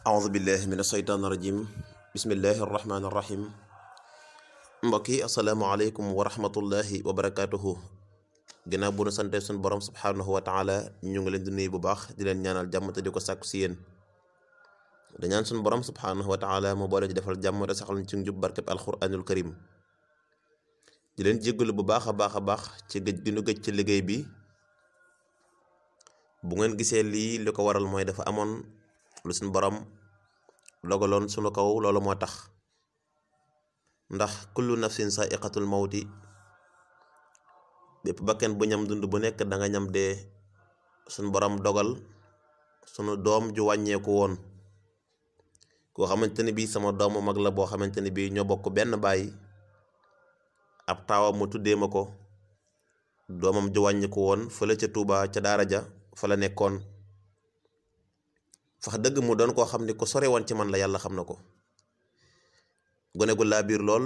aoudu billahi min asheytaan irajim bismillahi arrahmani irrahim mbokk yi asalaamualeykum wa rahmatullahi wa barakatuhu ginnaaw bu nu sante suñ borom subhaanahu wa taala ñu ngi leen di bu baax di leen ñaanal jàmm te di ko sàkku si yéen dañaan suñ borom subhaanahu wa taala mu boole ci defal jàmm te saxal ci njub barkeb alquranul karim di leen jéggalu bu baax a baax a baax ci gëj gi nu gëj ci liggéey bi bu ngeen gisee lii li ko waral mooy dafa amoon lu suñu borom dogaloon sunu kaw loolu moo tax ndax kullu nafsin sa iqatul mawti bépp kenn bu ñam dund bu nekk danga ñam dee suñu borom dogal sunu doom ju wàññeeku woon koo xamante ne bii sama doomu mag la boo xamante ne bii ñoo bokk benn baay ab taawam mu tuddee ma ko doomam ju wàññiku woon fële ca Touba ca daara ja fa la nekkoon sax dëgg mu doon koo xam ni ku sore woon ci man la yàlla xam na ko gone gu laa biir lool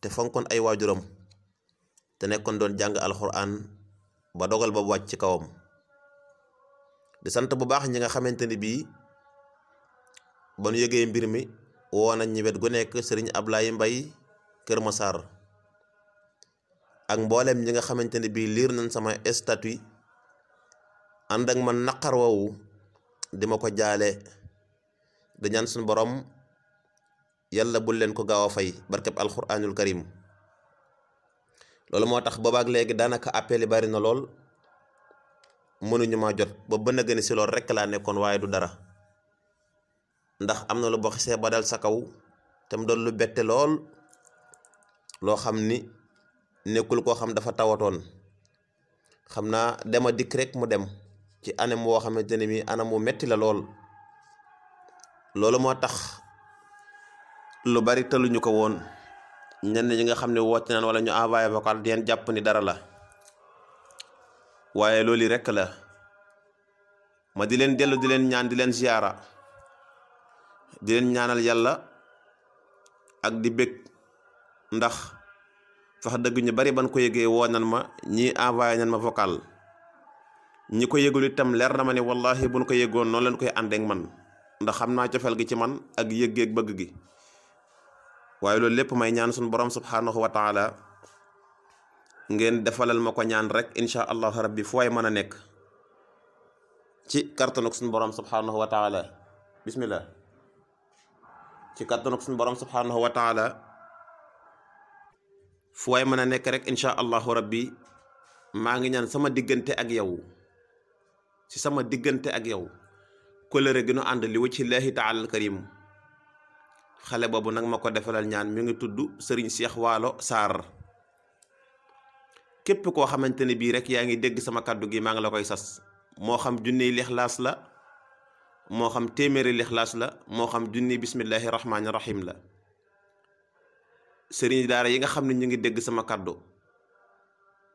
te fonkoon ay waajuram te nekkoon doon jàng alxuraan ba dogal ba wàcc ci kawam di sant bu baax ñi nga xamante ni bii ba nu yëgee mbir mi woo nañ ñi wet gu nekk sëriñ Ablaye Mbay Kër Masaar ak mboolem ñi nga xamante ni bii liir nañ sama statut ànd ak man naqar woowu di ma ko jaale di ñaan suñu borom yàlla bul leen ko gaaw a fay barkeb alquranul karim loolu moo tax boobaak léegi daanaka appel yi bari na lool mënuñu ma jot ba bën a gën si lool rek laa nekkoon waaye du dara ndax am na lu boo xisee ba dal sa kaw te mu doon lu bette lool loo xam ni nekkul koo xam dafa tawatoon xam naa dema dikk rek mu dem ci anam moo xamante ne bi anam mu metti la lool loolu moo tax lu bari tëluñu ko woon ñenn ñi nga xam ne woote naan walla ñu envoyé vocal di leen jàpp ni dara la waaye loolu rekk la ma di leen dellu di leen ñaan di leen ziyaara di leen ñaanal yàlla ak di bëgg ndax wax dëgg ñu bari ban ko yëgee woo nan ma ñii envoyé nan ma vocal ñi ko yëgul itam leer na ma ne wallahi nu ko yëgoon noonu lañ koy àndeek man ndax xam naa cofeel gi ci man ak yëggeeg bëgg gi waaye loolu lépp may ñaan suñu borom subhaanahu wa taala ngeen defalal ma ko ñaan rek incha allahu rabbi fu mën a nekk ci kartanuk suñu borom subhaanahu wa taala bismillah ci kartanuk suñu borom subhaanahu wa taala fu mën a nekk rek incha allahu rabbi maa ngi ñaan sama diggante ak yow ci sama diggante ak yow kóllëre gi nu ànd li wacci laahi taalal karim xale boobu nag ma ko defalal ñaan mu ngi tudd sëriñ seex Waalo Sarr képp koo xamante ne bii rek yaa ngi dégg sama kàddu gi maa ngi la koy sas moo xam junniy lixlaas la moo xam téeméeri lixlaas la moo xam junniy bismillahi rahmaani rahim la sëriñ daara yi nga xam ne ñu ngi dégg sama kàddu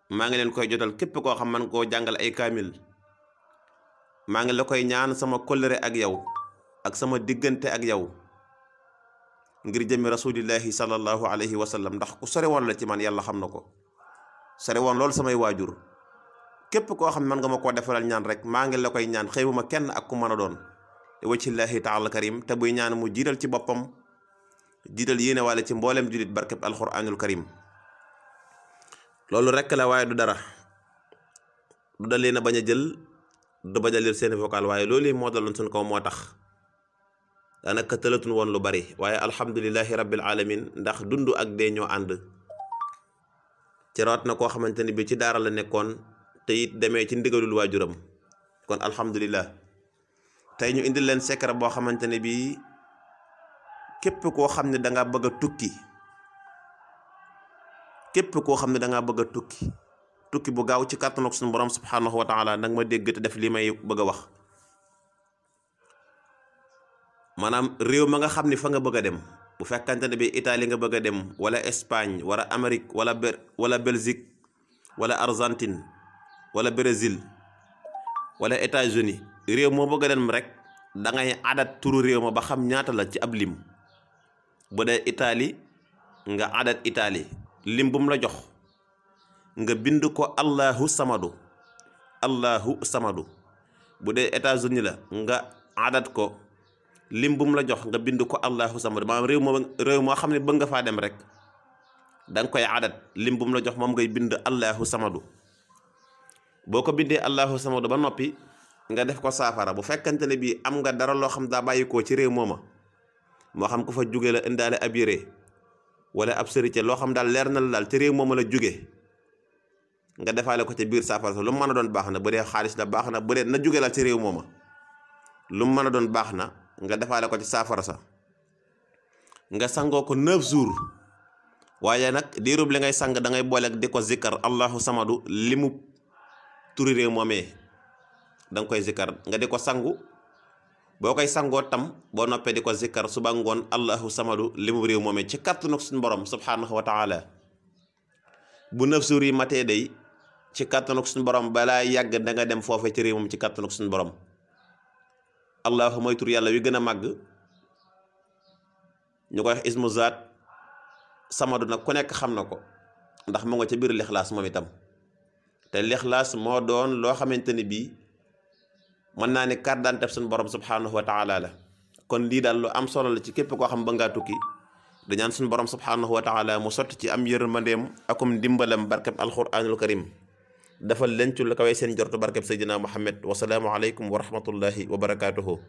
maa ngi leen koy jotal képp koo xam man koo jàngale ay kaamil maa ngi la koy ñaan sama kóllëre ak yow ak sama diggante ak yow ngir jëmi rasulillahi sallallahu alayhi wa sallam ndax ku sore woon la ci man yàlla xam na ko sore loolu samay waajur képp koo xam ne man nga ma koo defalal ñaan rek maa ngi la koy ñaan xëy ma kenn ak ku mën a doon wajhillahi taala karim te buy ñaan mu jiital ci boppam jiital yéene waale ci mboolem julit barkeb alquranul karim loolu rekk la waaye du dara du dalee na bañ a jël du bañ seeni vocal waaye loolu moo daloon suñ ko moo tax daanaka tëlatuñ woon lu bari waaye alhamdulilahi rabbil alamin ndax dund ak dee ñoo ànd ci na koo xamante ni bi ci daara la nekkoon te it demee ci ndigalul waajuram kon alhamdulilah tey ñu indil leen secret boo xamante ne bi képp koo xam ne danga nga bëgg a tukki képp koo xam ne da bëgg a tukki tukki bu gaaw ci kàttan ak suñu borom subhaanahu wa taala nag ma dégg te def li may bëgg a wax maanaam réew ma nga xam ni fa nga bëgg a dem bu fekkante ne bi Italie nga bëgg a dem wala Espagne wala Amérique wala wala Belgique wala Argentine wala Brésil wala États-Unis réew moo bëgg rek da ngay réew ma ba xam ñaata la ci ab lim bu dee nga adat lim bu mu la jox. nga bind ko allahu samadu allahu samadu bu dee États-Unis la nga adat ko lim bu mu la jox nga bind ko allahu samadu maanaam réew moo réew moo xam ne bëgg nga faa dem rek da koy adat lim bu mu la jox moom ngay bind allahu samadu boo ko bindee allahu samadu ba noppi nga def ko saafara bu fekkante ne bii am nga dara loo xam daa bàyyikoo ci réew mooma moo xam ku fa jóge la indaale ab yére wala ab sërite loo xam daal leer na la daal ci réew mooma la jóge nga defaale ko ca biir saafara sa lu mu mën a doon baax na bu dee xaalis la baax na bu na jóge la ci réew mooma lu mu mën a doon baax na nga defaale ko ci saafara sa nga sangoo ko neuf jours waaye nag diirub li ngay sang da ngay booleeg di ko zikkar allahu samadu li mu turi réew moomee da nga koy zikkar nga di ko sangu boo koy sangoo tam boo noppee di ko zikkar suba ngoon allahu samadu li mu réew moomee ci kàttanu suñu borom subhaanahu wa taala bu neuf jours yi matee day ci kàttanuk suñu borom balaa yàgg da dem foofe ci réew moom ci kàttanuk suñu borom allahu mooy yàlla wi gën a màgg ñu koy wax ismu zaat samadu nag ku nekk xam na ko ndax mu nga ca biir lixlaas moom itam te lixlaas moo doon loo xamante ni bii mën naa ne carte d'identité suñu borom subhanahu wa taala la kon lii daal lu am solo la ci képp koo xam ba ngaa tukki dañaan suñu borom subhanahu wa taala mu sott ci am yërmandeem akum dimbalam barkeb alquranul karim defal lencu la kawee seen jortu barkeb Seydina Muhammad wasalaamu aleykum wa rahmatullahi wa barakaatuhu